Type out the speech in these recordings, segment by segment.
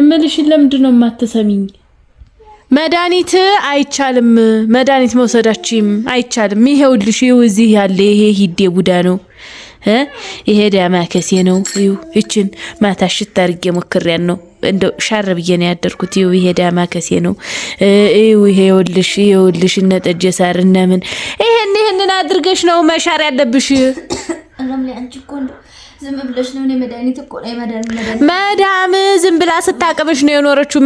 እምልሽን ለምንድን ነው የማትሰሚኝ? መድኃኒት አይቻልም፣ መድኃኒት መውሰዳችም አይቻልም። ይሄውልሽ፣ ይኸው እዚህ ያለ ይሄ ሂዴ ቡዳ ነው፣ ይሄ ዳማከሴ ነው። እዩ እችን ማታ ሽት አድርጌ ነው እንደው ሻር ብዬ ነው ያደርኩት። ይኸው ይሄ ዳማከሴ ነው። እዩ ይሄ ውልሽ ይኸውልሽ እነ ጠጀ ሳር እነ ምን ይሄን ይሄንን አድርገሽ ነው መሻር ያለብሽ። ዝም መዳም ዝም ብላ ስታቅምሽ ነው የኖረችው።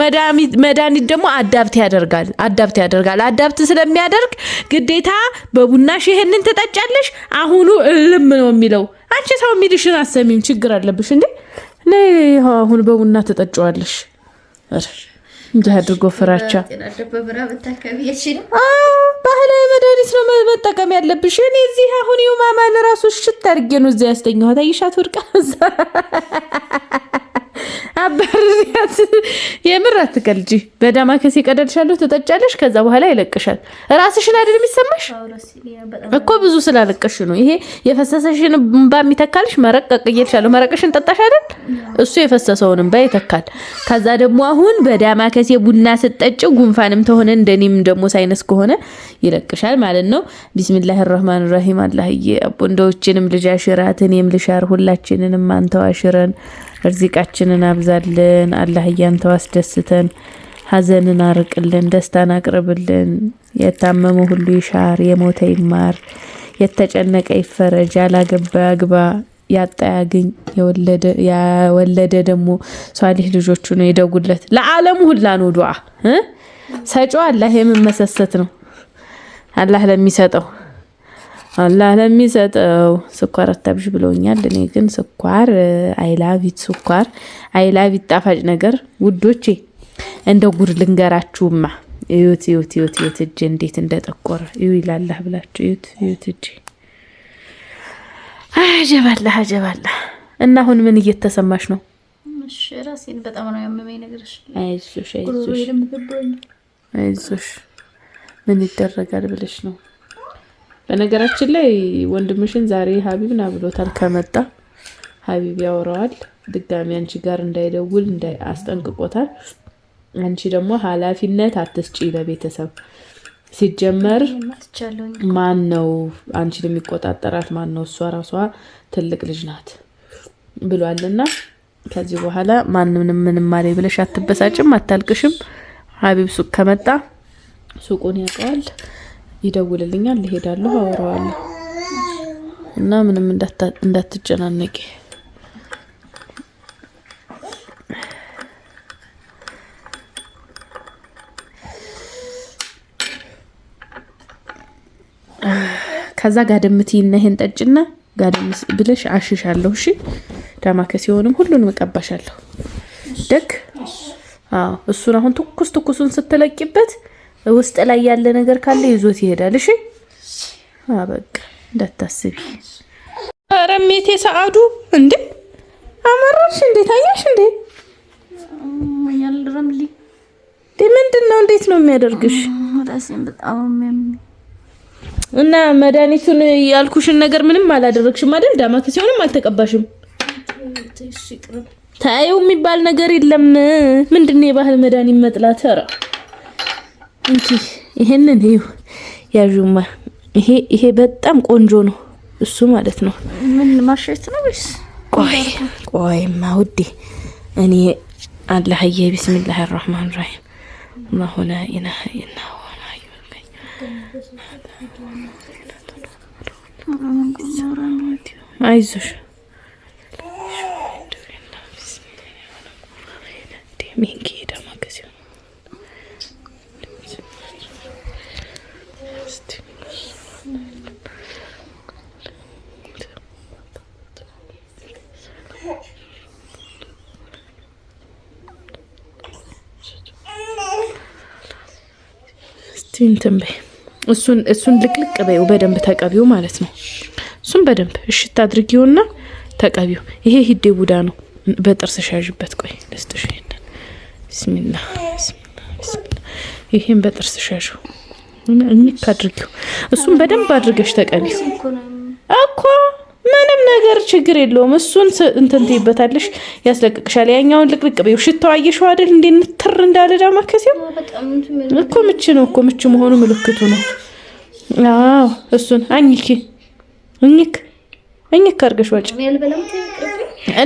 መድኃኒት ደግሞ አዳብት ያደርጋል፣ አዳብት ያደርጋል። አዳብት ስለሚያደርግ ግዴታ በቡናሽ ይሄንን ትጠጫለሽ፣ አሁኑ እልም ነው የሚለው። አንቺ ሰው የሚልሽን አሰሚም ችግር አለብሽ እንዴ? አሁን በቡና ትጠጫዋለሽ። እንዲህ አድርጎ ፍራቻ ባህላዊ መድኃኒት ነው መጠቀም ያለብሽ። እኔ እዚህ አሁን የማማን ራሱ ሽት አድርጌ ነው እዚያ ያስተኛኋት። አይሻት ወድቃ አባርሪያት። የምር አትቀልጂ። በዳማ ከሴ ቀደድሻለሁ፣ ትጠጫለሽ፣ ከዛ በኋላ ይለቅሻል። ራስሽን አይደል የሚሰማሽ እኮ ብዙ ስላለቀሽ ነው። ይሄ የፈሰሰሽን እንባ የሚተካልሽ መረቅ ቀቅዬልሻለሁ። መረቅሽን ጠጣሽ አይደል? እሱ የፈሰሰውን እንባ ይተካል። ከዛ ደግሞ አሁን በዳማ ከሴ ቡና ስጠጭው ጉንፋንም ተሆነ እንደኔም ደግሞ ሳይነስ ከሆነ ይለቅሻል ማለት ነው። ቢስሚላህ ራህማን ራሂም አላህዬ አቦ እንደዎችንም ልጃሽራትን የምልሻር ሁላችንንም አንተዋሽረን እርዚቃችንን አብዛልን። አላህ እያንተው አስደስተን፣ ሀዘንን አርቅልን፣ ደስታን አቅርብልን። የታመመ ሁሉ ይሻር፣ የሞተ ይማር፣ የተጨነቀ ይፈረጅ፣ ያላገባ ያግባ፣ ያጣ ያግኝ፣ ያወለደ ደግሞ ሷሊህ ልጆቹ ነው ይደጉለት። ለዓለሙ ሁላ ነው ዱዓ ሰጪው አላህ የምመሰሰት ነው አላህ ለሚሰጠው አላህ ለሚሰጠው ስኳር አታብዥ ብሎኛል። እኔ ግን ስኳር አይላቪት ስኳር አይላቪት ጣፋጭ ነገር ውዶቼ፣ እንደ ጉድ ልንገራችሁማ። እዩት እዩት እዩት እዩት እጅ እንዴት እንደጠቆረ እዩ ይላላህ ብላችሁ እዩት እዩት እጄ አጀባላህ አጀባላህ። እና አሁን ምን እየተሰማሽ ነው? ራሴን በጣም ነው ያመመኝ። ነገርሽ አይዞሽ አይዞሽ አይዞሽ ምን ይደረጋል ብለሽ ነው በነገራችን ላይ ወንድምሽን ዛሬ ና ብሎታል። ከመጣ ሀቢብ ያወራዋል። ድጋሚ አንቺ ጋር እንዳይደውል አስጠንቅቆታል። አንቺ ደግሞ ኃላፊነት አትስጪ ለቤተሰብ ሲጀመር ማን ነው አንቺን የሚቆጣጠራት? ማን ነው? እሷ ራሷ ትልቅ ልጅ ናት ብሏልና ከዚህ በኋላ ማንም ምንም ማለ ብለሽ አትበሳጭም፣ አታልቅሽም። ሀቢብ ሱቅ ከመጣ ሱቁን ያውቀዋል። ይደውልልኛል፣ ልሄዳለሁ አወራዋለሁ እና ምንም እንዳትጨናነቂ ከዛ ጋደምት ይህን ጠጭና ጋደም ብለሽ አሽሻለሁ። እሺ ዳማከ ሲሆንም ሁሉንም እቀባሻለሁ። ደግ እሱን አሁን ትኩስ ትኩሱን ስትለቂበት ውስጥ ላይ ያለ ነገር ካለ ይዞት ይሄዳል። እሺ አበቃ፣ እንዳታስቢ። ኧረ እሜቴ ሰዓዱ እንዴ አማራሽ እንዴ ታያሽ እንዴ ምንድን ነው? እንዴት ነው የሚያደርግሽ? እና መድኃኒቱን ያልኩሽን ነገር ምንም አላደረግሽም አይደል? ዳማከ ሲሆንም አልተቀባሽም። ታየው የሚባል ነገር የለም። ምንድን ነው የባህል መድኃኒት መጥላት? ኧረ እንቺ ይሄንን ይሁ ያዡማ። ይሄ ይሄ በጣም ቆንጆ ነው። እሱ ማለት ነው ምን ማሸት ነው ወይስ? ቆይ ቆይማ ውዴ እኔ አላህዬ ቢስሚላህ አራህማን ራሂም ማሆነ ኢናህ ኢና አይዞሽ እንትን በይ እሱን እሱን ልቅልቅ በይው በደንብ ተቀቢው ማለት ነው። እሱን በደንብ እሽት አድርጊውና ተቀቢው። ይሄ ሂዴ ቡዳ ነው። በጥርስ ሻዥበት። ቆይ ደስትሽ ይሄንን ይሄን በጥርስ ሻዥ እኝክ አድርጊው። እሱን በደንብ አድርገሽ ተቀቢው እኮ ምንም ነገር ችግር የለውም። እሱን እንትን ትይበታለሽ፣ ያስለቅቅሻል። ያኛውን ልቅልቅ በይው። ሽታው አየሽው አይደል? እንዴት ንትር እንዳለ ከሲም እኮ ምች ነው እኮ ምች መሆኑ ምልክቱ ነው። አዎ እሱን አኝኪ እኝክ እኝክ አድርገሽ ዋጭ።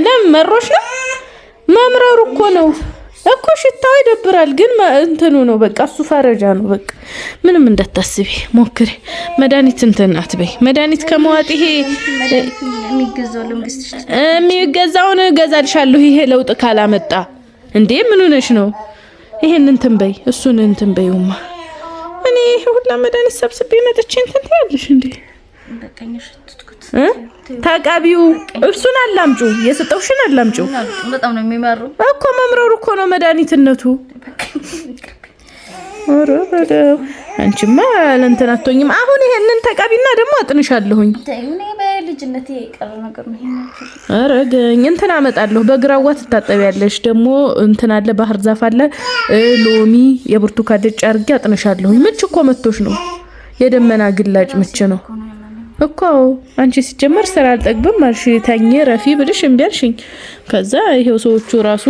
ለም መሮሽ ነው መምረሩ እኮ ነው። እኮ ሽታው ይደብራል፣ ግን እንትኑ ነው በቃ እሱ ፈረጃ ነው። በቃ ምንም እንዳታስቢ ሞክሪ። መድኃኒት እንትን አትበይ። መድኃኒት ከመዋጥ ይሄ የሚገዛውን እገዛልሻለሁ ይሄ ለውጥ ካላመጣ እንዴ ምን ሆነሽ ነው? ይሄን እንትን በይ፣ እሱን እንትን በይውማ። እኔ ይሄ ሁላ መድኃኒት ሰብስቤ መጥቼ እንትን ትያለሽ እንዴ? ተቀቢው እሱን አላምጩ፣ የሰጠውሽን አላምጩ እኮ መምረሩ እኮ ነው መድኃኒትነቱ። አንቺማ ለእንትን አትሆኝም። አሁን ይሄንን ተቀቢና ደግሞ አጥንሻለሁኝ። ኧረ እንትን አመጣለሁ። በግራዋ ትታጠቢያለሽ። ደግሞ እንትን አለ፣ ባህር ዛፍ አለ፣ ሎሚ፣ የብርቱካን ድጭ አድርጌ አጥንሻለሁኝ። ምች እኮ መቶሽ ነው፣ የደመና ግላጭ ምች ነው። እኮ አንቺ ሲጀመር ስራ አልጠግብም አልሽ፣ ተኝ ረፊ ብልሽ እምቢ አልሽኝ። ከዛ ይሄው ሰዎቹ ራሱ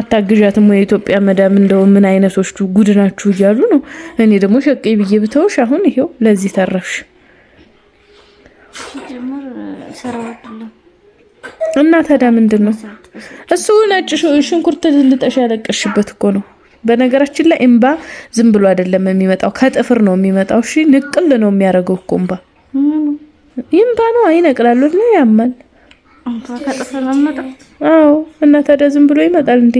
አታግዣትም ወይ የኢትዮጵያ መዳም እንደው ምን አይነቶቹ ጉድ ናችሁ እያሉ ነው። እኔ ደግሞ ሸቄ ብዬ ብተውሽ አሁን ይሄው ለዚህ ተረፍሽ። እና ታዲያ ምንድን ነው እሱ ነጭ ሽንኩርት ልጠሽ ያለቀሽበት እኮ ነው። በነገራችን ላይ እምባ ዝም ብሎ አይደለም የሚመጣው፣ ከጥፍር ነው የሚመጣው። እሺ ንቅል ነው የሚያደርገው እኮ እምባ ይምባ ነው አይነቅላሉ ላይ ያማል። አዎ እና ታዲያ ዝም ብሎ ይመጣል እንዴ?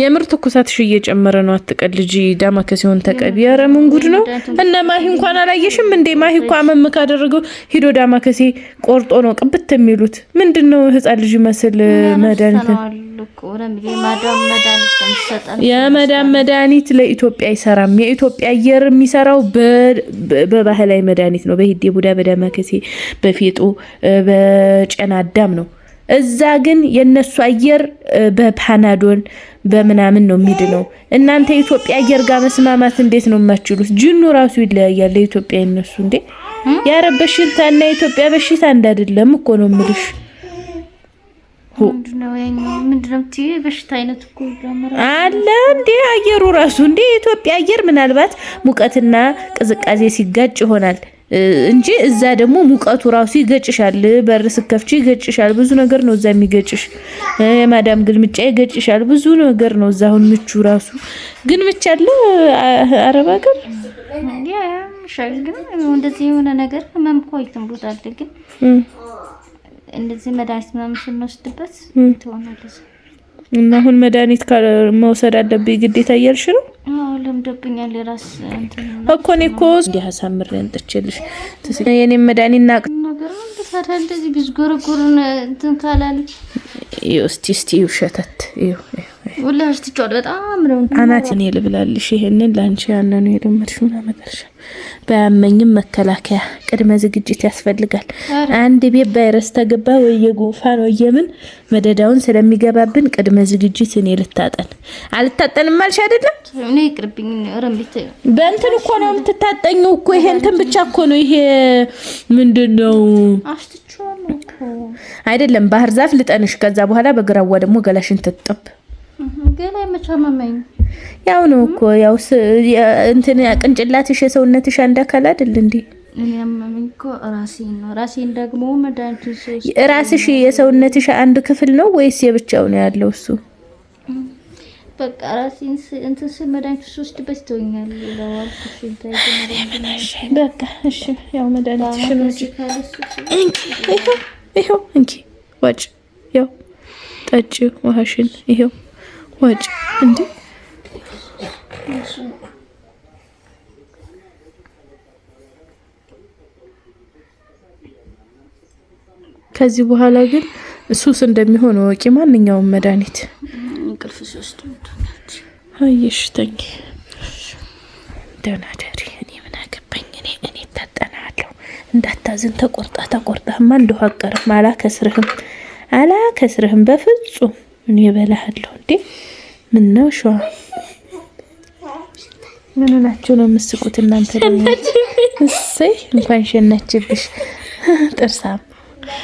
የምር ትኩሳትሽ እየጨመረ ነው። አትቀልጂ። ዳማከ ሲሆን ተቀቢ። ኧረ ምን ጉድ ነው! እነ ማሂ እንኳን አላየሽም እንዴ? ማሂ እኮ አመም ካደረገው ሂዶ ዳማከሴ ቆርጦ ነው ቅብት የሚሉት። ምንድን ነው ህፃን ልጅ መስል መድኃኒት የመዳን መድኃኒት ለኢትዮጵያ አይሰራም። የኢትዮጵያ አየር የሚሰራው በባህላዊ መድኃኒት ነው። በሂዴ ቡዳ፣ በደመከሴ፣ በፌጦ፣ በጨና አዳም ነው። እዛ ግን የነሱ አየር በፓናዶን በምናምን ነው የሚድ ነው። እናንተ የኢትዮጵያ አየር ጋር መስማማት እንዴት ነው የማችሉት? ጅኑ ራሱ ይለያያል። ለኢትዮጵያ የነሱ እንዴ ያረ በሽታ እና የኢትዮጵያ በሽታ እንዳይደለም እኮ ነው ምልሽ አለ እንዴ አየሩ ራሱ እንዴ የኢትዮጵያ አየር ምናልባት ሙቀትና ቅዝቃዜ ሲጋጭ ይሆናል እንጂ እዛ ደግሞ ሙቀቱ ራሱ ይገጭሻል። በር ስከፍቺ ይገጭሻል። ብዙ ነገር ነው እዛ የሚገጭሽ። የማዳም ግልምጫ ይገጭሻል። ብዙ ነገር ነው እዛ። አሁን ምቹ ራሱ ግን ምች አለ አረብ ሀገር ግን እንደዚህ የሆነ ነገር ህመም እኮ ይትምሩታል ግን እንደዚህ መድኃኒት ምናምን ስንወስድበት ትሆናለች። እና አሁን መድኃኒት መውሰድ አለብኝ ግዴታ እያልሽ ነው? ለምዶብኛል። የራስ እኮ እኔ እኮ እንዲህ የኔም መድኃኒት እንደዚህ ቢዝጎረጎርን እንትን እስቲ እስቲ ውሸተት በጣም ነው አናት እኔ ልብላልሽ። ይሄንን ለአንቺ ያለ የለመድሽ ምናመጠልሻል ባያመኝም መከላከያ ቅድመ ዝግጅት ያስፈልጋል። አንድ ቤት ቫይረስ ተገባ ወይ የጉንፋን ወይ የምን መደዳውን ስለሚገባብን ቅድመ ዝግጅት እኔ ልታጠን አልታጠንም ማልሽ አይደለም። በእንትን እኮ ነው የምትታጠኘው እኮ ይሄ እንትን ብቻ እኮ ነው ይሄ ምንድን ነው አይደለም። ባህር ዛፍ ልጠንሽ፣ ከዛ በኋላ በግራዋ ደግሞ ገላሽን ትጥብ ያው ነው እኮ ያው እንትን ቅንጭላትሽ የሰውነትሽ አንድ አካል አይደል እንዴ? ራስሽ የሰውነትሽ አንድ ክፍል ነው ወይስ የብቻው ነው ያለው እሱ? በቃ ራሴን እንትን ስል መድኃኒቱ ሶስት በስተውኛል። ያው ይኸው፣ ዋጭ፣ ጠጪ ውሃሽን ይኸው ወጭ እንዴ ከዚህ በኋላ ግን ሱስ እንደሚሆን ወቂ። ማንኛውም መድኃኒት እንቅልፍ ሲወስድ ደህና ደሪ። እኔ ምን አገባኝ? እኔ እኔ ታጠናለሁ። እንዳታዝን ተቆርጣ ተቆርጣማ እንደኋቀርም አላከስርህም፣ አላከስርህም በፍጹም ምን የበላሃለሁ እንዴ? ምን ነው ሸዋ ምን ናቸው ነው የምስቁት እናንተ ደግሞ? እሰይ እንኳን ሸናችብሽ ጥርሳም።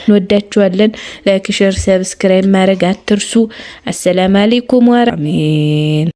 እንወዳችኋለን። ላይክ፣ ሸር፣ ሰብስክራይብ ማድረግ አትርሱ። አሰላም አሌይኩም